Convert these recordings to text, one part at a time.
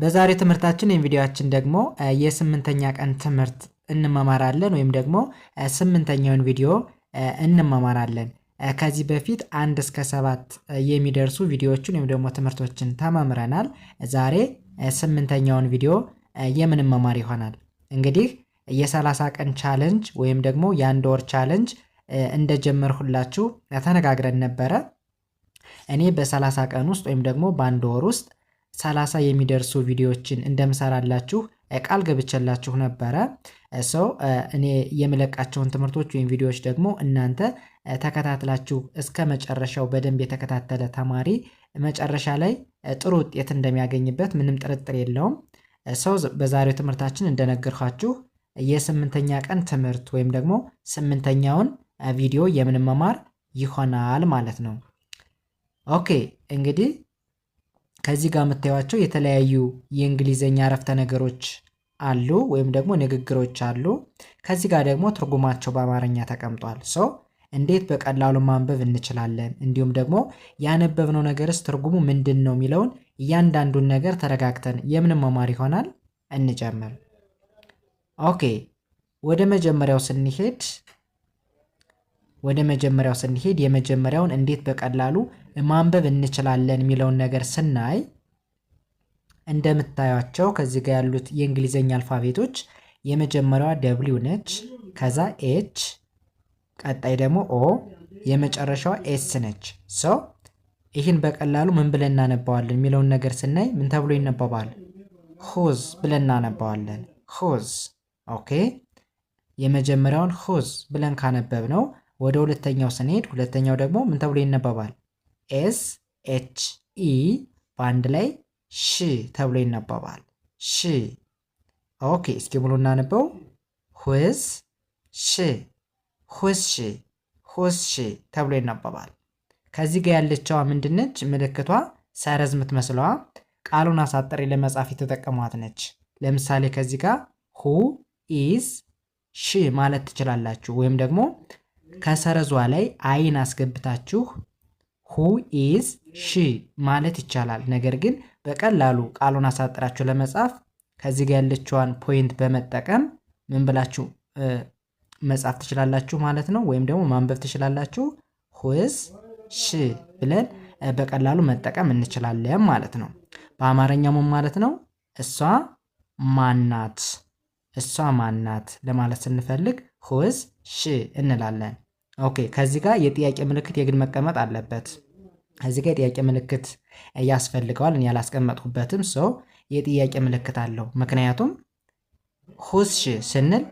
በዛሬ ትምህርታችን ወይም ቪዲዮችን ደግሞ የስምንተኛ ቀን ትምህርት እንመማራለን ወይም ደግሞ ስምንተኛውን ቪዲዮ እንመማራለን። ከዚህ በፊት አንድ እስከ ሰባት የሚደርሱ ቪዲዮዎችን ወይም ደግሞ ትምህርቶችን ተማምረናል። ዛሬ ስምንተኛውን ቪዲዮ የምንመማር ይሆናል። እንግዲህ የሰላሳ ቀን ቻለንጅ ወይም ደግሞ የአንድ ወር ቻለንጅ እንደጀመርሁላችሁ ተነጋግረን ነበረ። እኔ በሰላሳ ቀን ውስጥ ወይም ደግሞ በአንድ ወር ውስጥ ሰላሳ የሚደርሱ ቪዲዮዎችን እንደምሰራላችሁ ቃል ገብቼላችሁ ነበረ። ሰው እኔ የምለቃቸውን ትምህርቶች ወይም ቪዲዮዎች ደግሞ እናንተ ተከታትላችሁ እስከ መጨረሻው በደንብ የተከታተለ ተማሪ መጨረሻ ላይ ጥሩ ውጤት እንደሚያገኝበት ምንም ጥርጥር የለውም። ሰው በዛሬው ትምህርታችን እንደነገርኳችሁ የስምንተኛ ቀን ትምህርት ወይም ደግሞ ስምንተኛውን ቪዲዮ የምንመማር ይሆናል ማለት ነው። ኦኬ እንግዲህ ከዚህ ጋር የምታዩቸው የተለያዩ የእንግሊዘኛ አረፍተ ነገሮች አሉ ወይም ደግሞ ንግግሮች አሉ። ከዚህ ጋር ደግሞ ትርጉማቸው በአማርኛ ተቀምጧል። ሰው እንዴት በቀላሉ ማንበብ እንችላለን፣ እንዲሁም ደግሞ ያነበብነው ነገርስ ትርጉሙ ምንድን ነው የሚለውን እያንዳንዱን ነገር ተረጋግተን የምን መማር ይሆናል እንጀምር። ኦኬ ወደ መጀመሪያው ስንሄድ ወደ መጀመሪያው ስንሄድ የመጀመሪያውን እንዴት በቀላሉ ማንበብ እንችላለን የሚለውን ነገር ስናይ እንደምታያቸው ከዚህ ጋር ያሉት የእንግሊዝኛ አልፋቤቶች የመጀመሪያዋ ደብሊው ነች። ከዛ ኤች፣ ቀጣይ ደግሞ ኦ፣ የመጨረሻዋ ኤስ ነች። ሶ ይህን በቀላሉ ምን ብለን እናነባዋለን የሚለውን ነገር ስናይ ምን ተብሎ ይነበባል? ሁዝ ብለን እናነባዋለን። ሁዝ ኦኬ። የመጀመሪያውን ሁዝ ብለን ካነበብ ነው ወደ ሁለተኛው ስንሄድ ሁለተኛው ደግሞ ምን ተብሎ ይነበባል? ኤስ ኤች ኢ በአንድ ላይ ሺ ተብሎ ይነበባል። ሺ ኦኬ። እስኪ ብሎ እናነበው። ሁዝ ሺ ሁዝ ሺ ሁዝ ሺ ተብሎ ይነበባል። ከዚህ ጋር ያለችዋ ምንድነች? ምልክቷ ሰረዝ የምትመስለዋ ቃሉን አሳጥሬ ለመጻፍ የተጠቀሟት ነች። ለምሳሌ ከዚህ ጋር ሁ ኢዝ ሺ ማለት ትችላላችሁ ወይም ደግሞ ከሰረዟ ላይ አይን አስገብታችሁ ሁ ኢዝ ሺ ማለት ይቻላል። ነገር ግን በቀላሉ ቃሉን አሳጥራችሁ ለመጻፍ ከዚህ ጋር ያለችዋን ፖይንት በመጠቀም ምን ብላችሁ መጻፍ ትችላላችሁ ማለት ነው። ወይም ደግሞ ማንበብ ትችላላችሁ። ሁዝ ሺ ብለን በቀላሉ መጠቀም እንችላለን ማለት ነው። በአማርኛውም ማለት ነው እሷ ማናት እሷ ማናት ለማለት ስንፈልግ ሁዝ ሺ እንላለን። ኦኬ ከዚህ ጋር የጥያቄ ምልክት የግድ መቀመጥ አለበት። ከዚህ ጋር የጥያቄ ምልክት ያስፈልገዋል። እኔ ያላስቀመጥኩበትም ሰው የጥያቄ ምልክት አለው። ምክንያቱም ሁዝ ሺ ስንል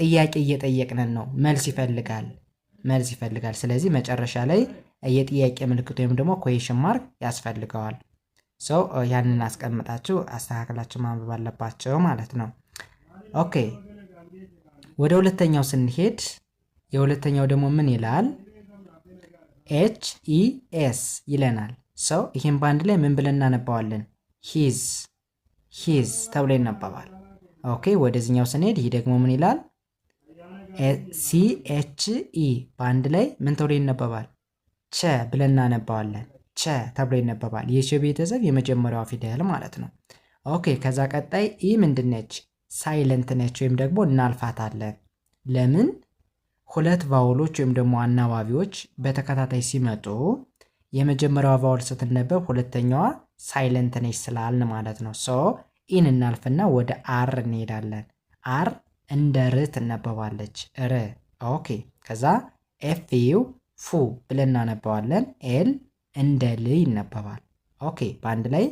ጥያቄ እየጠየቅንን ነው። መልስ ይፈልጋል፣ መልስ ይፈልጋል። ስለዚህ መጨረሻ ላይ የጥያቄ ምልክት ወይም ደግሞ ኮሽን ማርክ ያስፈልገዋል። ሰው ያንን አስቀምጣችሁ አስተካክላችሁ ማንበብ አለባቸው ማለት ነው። ኦኬ ወደ ሁለተኛው ስንሄድ የሁለተኛው ደግሞ ምን ይላል? ኤች ኢ ኤስ ይለናል። ሰው ይህም በአንድ ላይ ምን ብለን እናነባዋለን? ሂዝ ሂዝ ተብሎ ይነበባል። ኦኬ ወደዚህኛው ስንሄድ ይህ ደግሞ ምን ይላል? ሲ ኤች ኢ በአንድ ላይ ምን ተብሎ ይነበባል? ቸ ብለን እናነባዋለን። ቸ ተብሎ ይነበባል። የቸ ቤተሰብ የመጀመሪያዋ ፊደል ማለት ነው። ኦኬ ከዛ ቀጣይ ኢ ምንድነች? ሳይለንት ነች ወይም ደግሞ እናልፋታለን። ለምን? ሁለት ቫውሎች ወይም ደግሞ አናባቢዎች በተከታታይ ሲመጡ የመጀመሪያዋ ቫውል ስትነበብ ሁለተኛዋ ሳይለንት ነች ስላልን ማለት ነው። ሶ ኢን እናልፍና ወደ አር እንሄዳለን። አር እንደ ር ትነበባለች። ር ኦኬ። ከዛ ኤፍ ዩ ፉ ብለን እናነባዋለን። ኤል እንደ ል ይነበባል። ኦኬ። በአንድ ላይ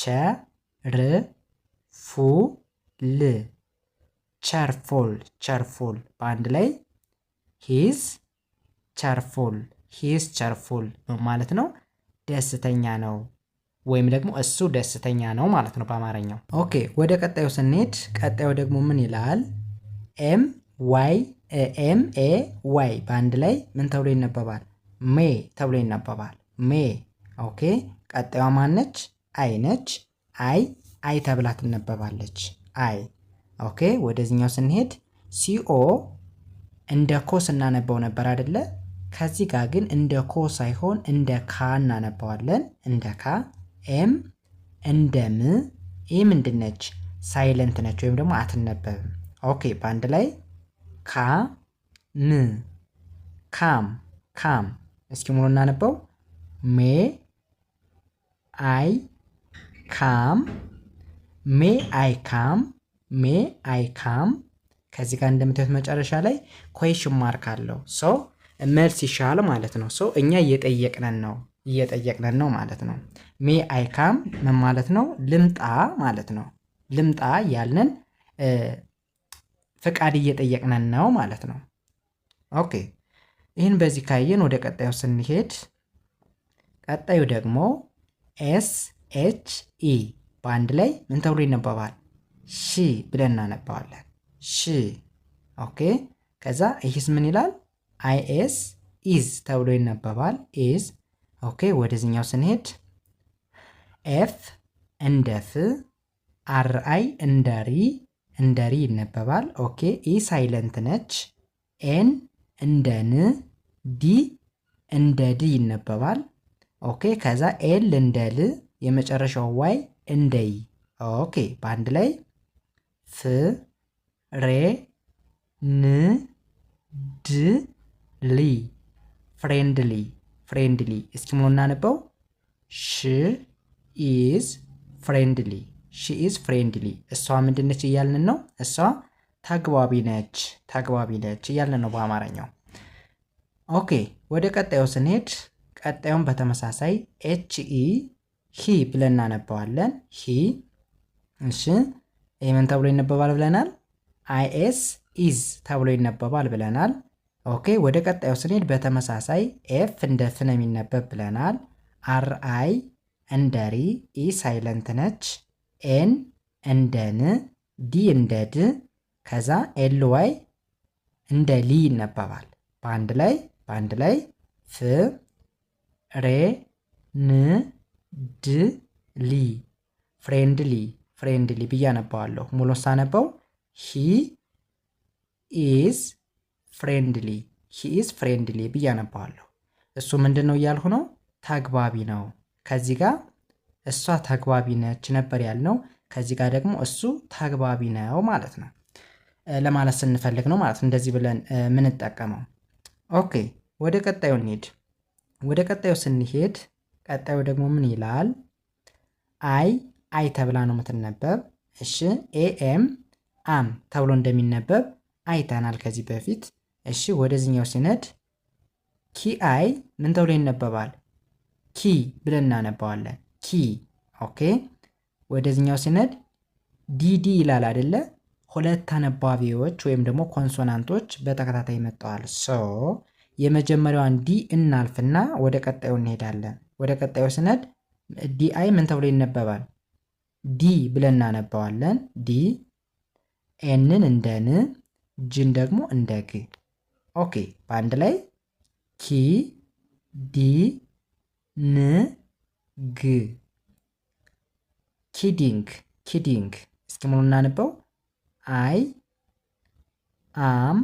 ቸ ር ፉ ል ቸርፉል ቸርፉል በአንድ ላይ ሂዝ ቸርፉል ሂዝ ቸርፉል ማለት ነው። ደስተኛ ነው ወይም ደግሞ እሱ ደስተኛ ነው ማለት ነው በአማርኛው። ኦኬ ወደ ቀጣዩ ስንሄድ ቀጣዩ ደግሞ ምን ይላል? ኤም ዋይ ኤም ኤ ዋይ በአንድ ላይ ምን ተብሎ ይነበባል? ሜ ተብሎ ይነበባል። ሜ ኦኬ። ቀጣዩ ማነች? አይ ነች። አይ አይ ተብላ ትነበባለች። አይ። ኦኬ ወደዚህኛው ስንሄድ ሲኦ እንደ ኮ ስናነባው ነበር አደለ? ከዚህ ጋር ግን እንደ ኮ ሳይሆን እንደ ካ እናነባዋለን። እንደ ካ። ኤም እንደ ም። ኢ ምንድን ነች? ሳይለንት ነች ወይም ደግሞ አትነበብም። ኦኬ በአንድ ላይ ካ ም ካም ካም። እስኪ ሙሉ እናነበው ሜ አይ ካም ሜ አይ ካም ሜ አይ ካም። ከዚህ ጋር እንደምታዩት መጨረሻ ላይ ኮሽን ማርክ አለው። ሰው መልስ ይሻል ማለት ነው። ሶ እኛ እየጠየቅነን ነው እየጠየቅነን ነው ማለት ነው። ሜ አይ ካም ምን ማለት ነው? ልምጣ ማለት ነው። ልምጣ ያልንን ፍቃድ እየጠየቅነን ነው ማለት ነው። ኦኬ ይህን በዚህ ካየን ወደ ቀጣዩ ስንሄድ ቀጣዩ ደግሞ ኤስ ኤች ኢ በአንድ ላይ ምን ተብሎ ይነበባል? ሺ ብለን እናነባዋለን። ሺ ኦኬ። ከዛ ይህስ ምን ይላል? አይኤስ ኢዝ ተብሎ ይነበባል። ኢዝ ኦኬ። ወደዚኛው ስንሄድ ኤፍ እንደ ፍ፣ አር አይ እንደ ሪ እንደ ሪ ይነበባል። ኦኬ። ኢ ሳይለንት ነች። ኤን እንደ ን፣ ዲ እንደ ድ ይነበባል። ኦኬ። ከዛ ኤል እንደ ል፣ የመጨረሻው ዋይ እንደይ። ኦኬ በአንድ ላይ ፍሬንድሊ ፍሬንድሊ ፍሬንድሊ። እስኪ ሞ እናነበው ሽ ኢዝ ፍሬንድሊ ሺ ኢዝ ፍሬንድሊ። እሷ ምንድነች እያልን ነው? እሷ ታግባቢ ነች ታግባቢ ነች እያልን ነው በአማርኛው። ኦኬ ወደ ቀጣዩ ስንሄድ ቀጣዩን በተመሳሳይ ኤች ኢ ሂ ብለን እናነባዋለን። ሂ እሺ፣ ምን ተብሎ ይነበባል ብለናል? አይኤስ ኢዝ ተብሎ ይነበባል ብለናል። ኦኬ፣ ወደ ቀጣዩ ስንሄድ በተመሳሳይ ኤፍ እንደ ፍ ነው የሚነበብ ብለናል። አር አይ እንደ ሪ፣ ኢ ሳይለንት ነች። ኤን እንደ ን፣ ዲ እንደ ድ፣ ከዛ ኤል ዋይ እንደ ሊ ይነበባል። በአንድ ላይ በአንድ ላይ ፍ ሬ ን ድሊ ፍሬንድሊ ፍሬንድሊ ብዬ አነባዋለሁ። ሙሉን ሳነበው ሂ ኢዝ ፍሬንድሊ ሂ ኢዝ ፍሬንድሊ ብዬ አነባዋለሁ። እሱ ምንድን ነው እያልሁ ነው? ተግባቢ ነው። ከዚህ ጋር እሷ ተግባቢ ነች ነበር ያልነው። ከዚህ ጋር ደግሞ እሱ ተግባቢ ነው ማለት ነው ለማለት ስንፈልግ ነው ማለት እንደዚህ ብለን ምንጠቀመው ኦኬ ወደ ቀጣዩ እንሂድ። ወደ ቀጣዩ ስንሄድ ቀጣዩ ደግሞ ምን ይላል? አይ አይ ተብላ ነው የምትነበብ። እሺ ኤኤም አም ተብሎ እንደሚነበብ አይተናል ከዚህ በፊት። እሺ ወደዚህኛው ሲነድ ኪ አይ ምን ተብሎ ይነበባል? ኪ ብለን እናነባዋለን። ኪ ኦኬ። ወደዚህኛው ሲነድ ዲዲ ይላል አይደለ? ሁለት አነባቢዎች ወይም ደግሞ ኮንሶናንቶች በተከታታይ መጥተዋል። ሶ የመጀመሪያዋን ዲ እናልፍና ወደ ቀጣዩ እንሄዳለን። ወደ ቀጣዩ ስነድ ዲአይ ምን ተብሎ ይነበባል? ዲ ብለን እናነባዋለን። ዲ ኤንን እንደ ን ጅን ደግሞ እንደ ግ። ኦኬ በአንድ ላይ ኪ ዲ ን ግ ኪዲንግ ኪዲንግ። እስኪ ሙሉ እናንበው። አይ አም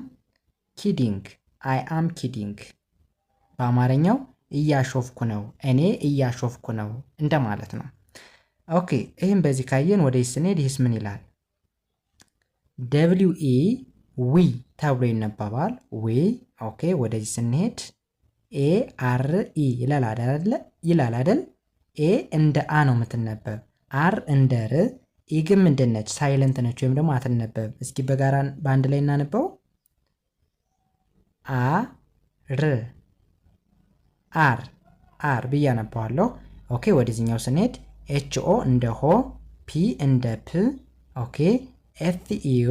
ኪዲንግ አይ አም ኪዲንግ በአማርኛው እያሾፍኩ ነው፣ እኔ እያሾፍኩ ነው እንደማለት ነው። ኦኬ ይህም በዚህ ካየን ወደ ስንሄድ ይህስ ምን ይላል? ደብሊው ኢ ዊ ተብሎ ይነበባል። ዊ ኦኬ። ወደዚህ ስንሄድ ኤ አር ኢ ይላል ይላል አይደል? ኤ እንደ አ ነው የምትነበብ። አር እንደ ር፣ ኢ ግን ምንድን ነች? ሳይለንት ነች ወይም ደግሞ አትነበብ። እስኪ በጋራ በአንድ ላይ እናነበው። አ ር አር አር ብዬ አነባዋለሁ። ኦኬ ወደዚኛው ስንሄድ ኤች ኦ እንደ ሆ፣ ፒ እንደ ፕ፣ ኦኬ ኤፍ ኢዩ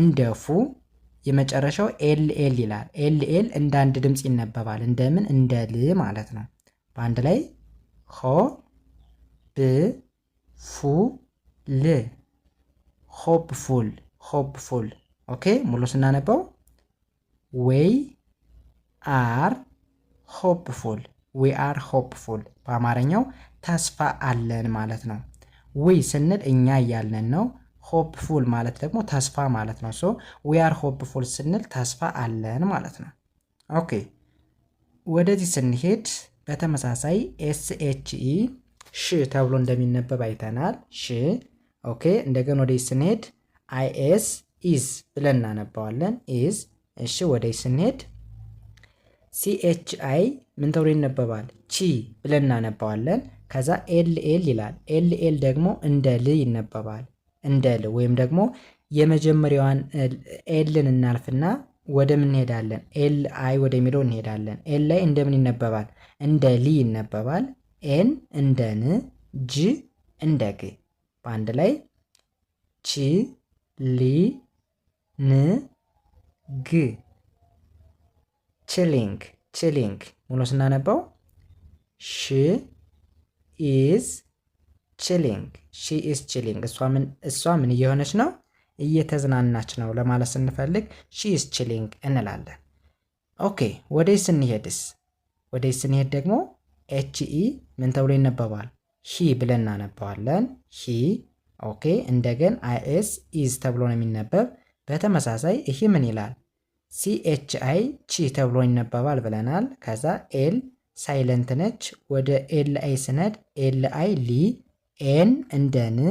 እንደ ፉ፣ የመጨረሻው ኤል ኤል ይላል። ኤል ኤል እንደ አንድ ድምፅ ይነበባል። እንደምን እንደ ል ማለት ነው። በአንድ ላይ ሆ ብ ፉ ል ሆፕፉል ፉል ኦኬ ሙሉ ስናነበው ዌይ አር ሆፕፉል ዊ አር ሆፕፉል በአማርኛው ተስፋ አለን ማለት ነው። ዊ ስንል እኛ እያልን ነው። ሆፕፉል ማለት ደግሞ ተስፋ ማለት ነው። ሶ ዊ አር ሆፕፉል ስንል ተስፋ አለን ማለት ነው። ኦኬ ወደዚህ ስንሄድ በተመሳሳይ ኤስኤችኢ e ሽ ተብሎ እንደሚነበብ አይተናል። ሽ ኦኬ። እንደገና ወደዚህ ስንሄድ አይኤስ ኢዝ ብለን እናነባዋለን። ኢዝ እሺ። ወደዚህ ስንሄድ ሲኤችአይ ምን ተብሎ ይነበባል? ቺ ብለን እናነባዋለን። ከዛ ኤል ኤል ይላል። ኤል ኤል ደግሞ እንደ ል ይነበባል። እንደ ል ወይም ደግሞ የመጀመሪያዋን ኤልን እናልፍና ወደ ምን እንሄዳለን? ኤል አይ ወደሚለው እንሄዳለን። ኤል አይ እንደምን ይነበባል? እንደ ሊ ይነበባል። ኤን እንደ ን፣ ጅ እንደ ግ፣ በአንድ ላይ ቺ ሊ ን ግ ችሊንግ ችሊንግ ሙሉ ስናነባው ሺ ኢዝ ችሊንግ ሺ ኢዝ ችሊንግ እሷ ምን እሷ ምን እየሆነች ነው? እየተዝናናች ነው ለማለት ስንፈልግ ሺ ኢዝ ችሊንግ እንላለን። ኦኬ ወደ ስንሄድስ ወደ ስንሄድ ደግሞ ኤች ኢ ምን ተብሎ ይነበባል? ሂ ብለን እናነባዋለን። ሂ ኦኬ። እንደገን አይኤስ ኢዝ ተብሎ ነው የሚነበብ። በተመሳሳይ ይህ ምን ይላል? ሲኤች አይ ቺ ተብሎ ይነበባል ብለናል። ከዛ ኤል ሳይለንት ነች። ወደ ኤል አይ ስነድ ኤል አይ ሊ፣ ኤን እንደ ን፣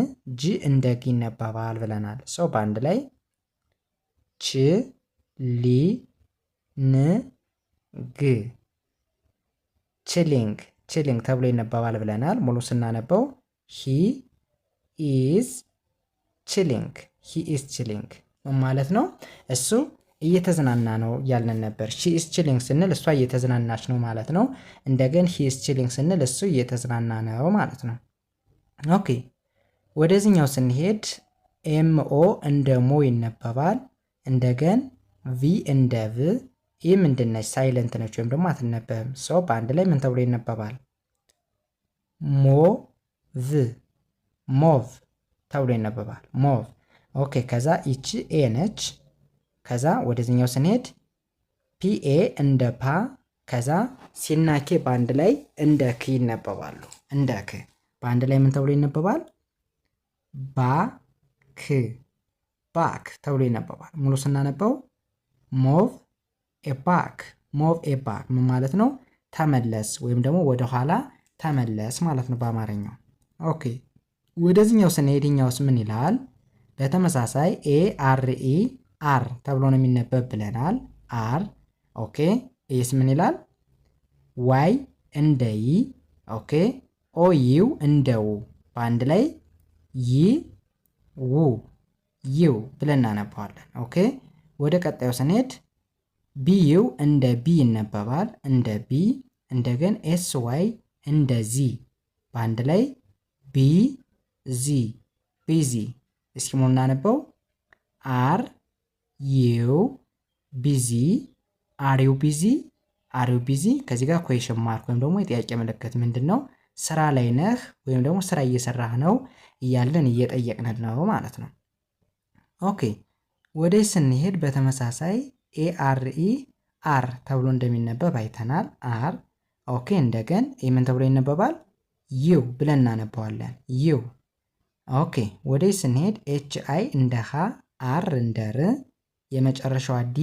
ጂ እንደ ግ ይነበባል ብለናል። ሰው በአንድ ላይ ች ሊ ን ግ ችሊንግ ችሊንግ ተብሎ ይነበባል ብለናል። ሙሉ ስናነበው ሂ ኢዝ ችሊንግ ሂ ኢዝ ችሊንግ ማለት ነው እሱ እየተዝናና ነው ያልን ነበር። ሺ ቺሊንግ ስንል እሷ እየተዝናናች ነው ማለት ነው። እንደገን ሂ ኢዝ ቺሊንግ ስንል እሱ እየተዝናና ነው ማለት ነው። ኦኬ ወደዚህኛው ስንሄድ ኤምኦ እንደ ሞ ይነበባል። እንደገን ቪ እንደ ቭ። ይህ ምንድነች? ሳይለንት ነች ወይም ደግሞ አትነበብም። ሰው በአንድ ላይ ምን ተብሎ ይነበባል? ሞ ቭ ሞቭ ተብሎ ይነበባል። ሞቭ ኦኬ። ከዛ ይቺ ኤ ነች ከዛ ወደዚኛው ስንሄድ ፒኤ እንደ ፓ ከዛ ሲና ኬ በአንድ ላይ እንደ ክ ይነበባሉ። እንደ ክ በአንድ ላይ ምን ተብሎ ይነበባል? ባክ ባክ ተብሎ ይነበባል። ሙሉ ስናነበው ሞቭ ኤባክ ሞቭ ኤባክ ምን ማለት ነው? ተመለስ ወይም ደግሞ ወደኋላ ተመለስ ማለት ነው በአማርኛው። ኦኬ ወደዚህኛው ስንሄድ ምን ይላል? በተመሳሳይ ኤ አር ኢ አር ተብሎ ነው የሚነበብ ብለናል። አር ኦኬ። ኤስ ምን ይላል? ዋይ እንደ ይ ኦኬ። ኦ ዩ እንደ ው በአንድ ላይ ይ ው ይው ብለን እናነባዋለን። ኦኬ። ወደ ቀጣዩ ስንሄድ ቢዩው እንደ ቢ ይነበባል። እንደ ቢ እንደገን ኤስ ዋይ እንደ ዚ በአንድ ላይ ቢ ዚ ቢዚ። እስኪ ሙሉ እናነበው አር ዩ ቢዚ አር ዩ ቢዚ አር ቢዚ ከዚህ ጋር ኩዌሽን ማርክ ወይም ደግሞ የጥያቄ ምልክት ምንድን ነው ስራ ላይ ነህ ወይም ደግሞ ስራ እየሰራህ ነው እያለን እየጠየቅንን ነው ማለት ነው። ኦኬ ወደ ስንሄድ በተመሳሳይ ኤአርኢ አር ተብሎ እንደሚነበብ አይተናል። አር ኦኬ እንደገን ምን ተብሎ ይነበባል? ዩ ብለን እናነባዋለን። ዩ ኦኬ ወደ ስንሄድ ኤች አይ እንደ ሃ አር እንደ ር የመጨረሻዋ ዲ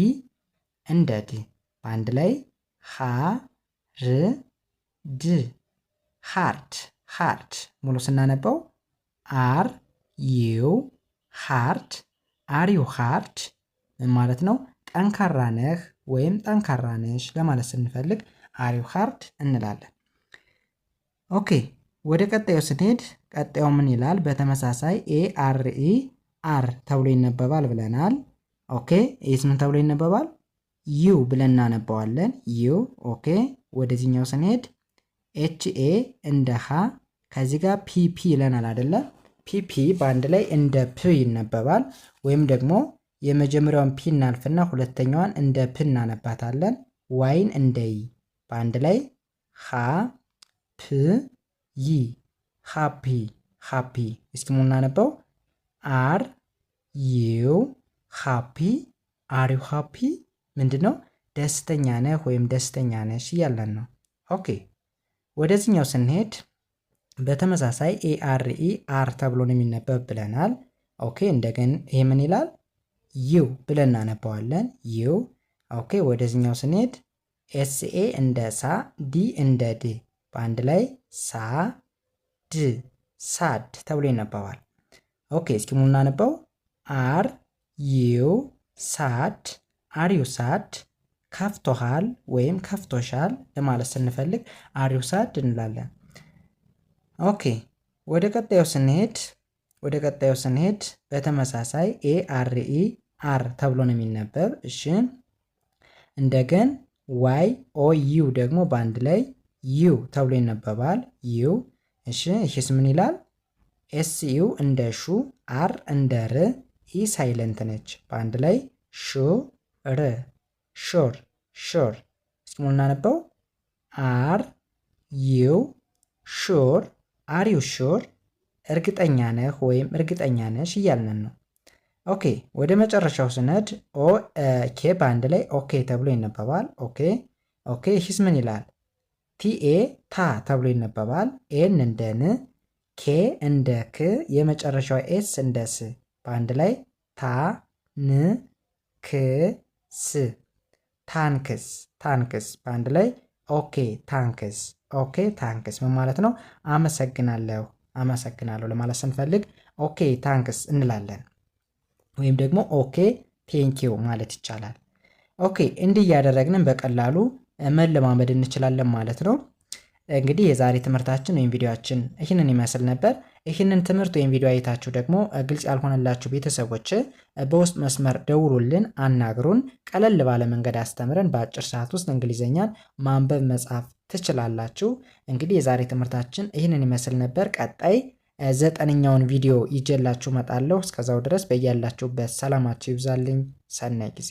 እንደ ድ በአንድ ላይ ሀ ር ድ ሃርድ ሃርድ ሙሉ ስናነበው አር ዩ ሃርድ አር ዩ ሃርድ ምን ማለት ነው? ጠንካራ ነህ ወይም ጠንካራ ነሽ ለማለት ስንፈልግ አር ዩ ሃርድ እንላለን። ኦኬ ወደ ቀጣዩ ስንሄድ ቀጣዩ ምን ይላል? በተመሳሳይ ኤ አር ኢ አር ተብሎ ይነበባል ብለናል። ኦኬ ይህስ ምን ተብሎ ይነበባል? ዩ ብለን እናነባዋለን። ዩ ኦኬ። ወደዚህኛው ስንሄድ ኤች ኤ እንደ ሀ ከዚህ ጋር ፒፒ ይለናል አደለ? ፒፒ በአንድ ላይ እንደ ፕ ይነበባል። ወይም ደግሞ የመጀመሪያውን ፒ እናልፍና ሁለተኛዋን እንደ ፕ እናነባታለን። ዋይን እንደ ይ በአንድ ላይ ሀ ፕ ይ ሀፒ ሀፒ። እስኪ ሙ እናነበው አር ዩ ሃፒ አር ዩ ሃፒ ምንድን ነው? ደስተኛ ነህ ወይም ደስተኛ ነሽ እያለን ነው። ኦኬ ወደዚህኛው ስንሄድ በተመሳሳይ ኤአርኢ አር ተብሎ ነው የሚነበብ ብለናል። ኦኬ እንደገን ይሄ ምን ይላል? ዩ ብለን እናነባዋለን። ዩ ኦኬ ወደዚህኛው ስንሄድ ኤስኤ እንደ ሳ ዲ እንደ ድ በአንድ ላይ ሳ ድ ሳድ ተብሎ ይነበባል። ኦኬ እስኪ ሙሉ አር ዩ ሳድ አሪው ሳድ ካፍቶሃል ወይም ካፍቶሻል ለማለት ስንፈልግ አሪው ሳድ እንላለን። ኦኬ ወደ ቀጣዩ ስንሄድ ወደ ቀጣዩ ስንሄድ በተመሳሳይ ኤ አር ኢ አር ተብሎ ነው የሚነበብ። እሺ እንደገን ዋይ ኦ ዩ ደግሞ በአንድ ላይ ዩ ተብሎ ይነበባል። ዩ እሺ ይህስ ምን ይላል? ኤስ ዩ እንደ ሹ፣ አር እንደ ር ኢ ሳይለንት ነች። በአንድ ላይ ሹ ር ሹር ሹር። እስኪ ሙሉ እናነበው። አር ዩ ሹር አር ዩ ሹር፣ እርግጠኛ ነህ ወይም እርግጠኛ ነሽ እያልንን ነው። ኦኬ ወደ መጨረሻው ስነድ ኦ ኬ በአንድ ላይ ኦኬ ተብሎ ይነበባል። ኦኬ ኦኬ። ሂስ ምን ይላል? ቲኤ ታ ተብሎ ይነበባል። ኤን እንደ ን፣ ኬ እንደ ክ፣ የመጨረሻው ኤስ እንደ ስ በአንድ ላይ ታ ን ክ ስ ታንክስ ታንክስ በአንድ ላይ ኦኬ ታንክስ ኦኬ ታንክስ ምን ማለት ነው? አመሰግናለሁ አመሰግናለሁ ለማለት ስንፈልግ ኦኬ ታንክስ እንላለን። ወይም ደግሞ ኦኬ ቴንኪዩ ማለት ይቻላል። ኦኬ እንዲህ እያደረግንም በቀላሉ መለማመድ እንችላለን ማለት ነው። እንግዲህ የዛሬ ትምህርታችን ወይም ቪዲዮችን ይህንን ይመስል ነበር። ይህንን ትምህርት ወይም ቪዲዮ አይታችሁ ደግሞ ግልጽ ያልሆነላችሁ ቤተሰቦች በውስጥ መስመር ደውሉልን፣ አናግሩን። ቀለል ባለ መንገድ አስተምረን በአጭር ሰዓት ውስጥ እንግሊዝኛን ማንበብ መጻፍ ትችላላችሁ። እንግዲህ የዛሬ ትምህርታችን ይህንን ይመስል ነበር። ቀጣይ ዘጠነኛውን ቪዲዮ ይጀላችሁ መጣለሁ። እስከዛው ድረስ በያላችሁበት ሰላማችሁ ይብዛልኝ። ሰናይ ጊዜ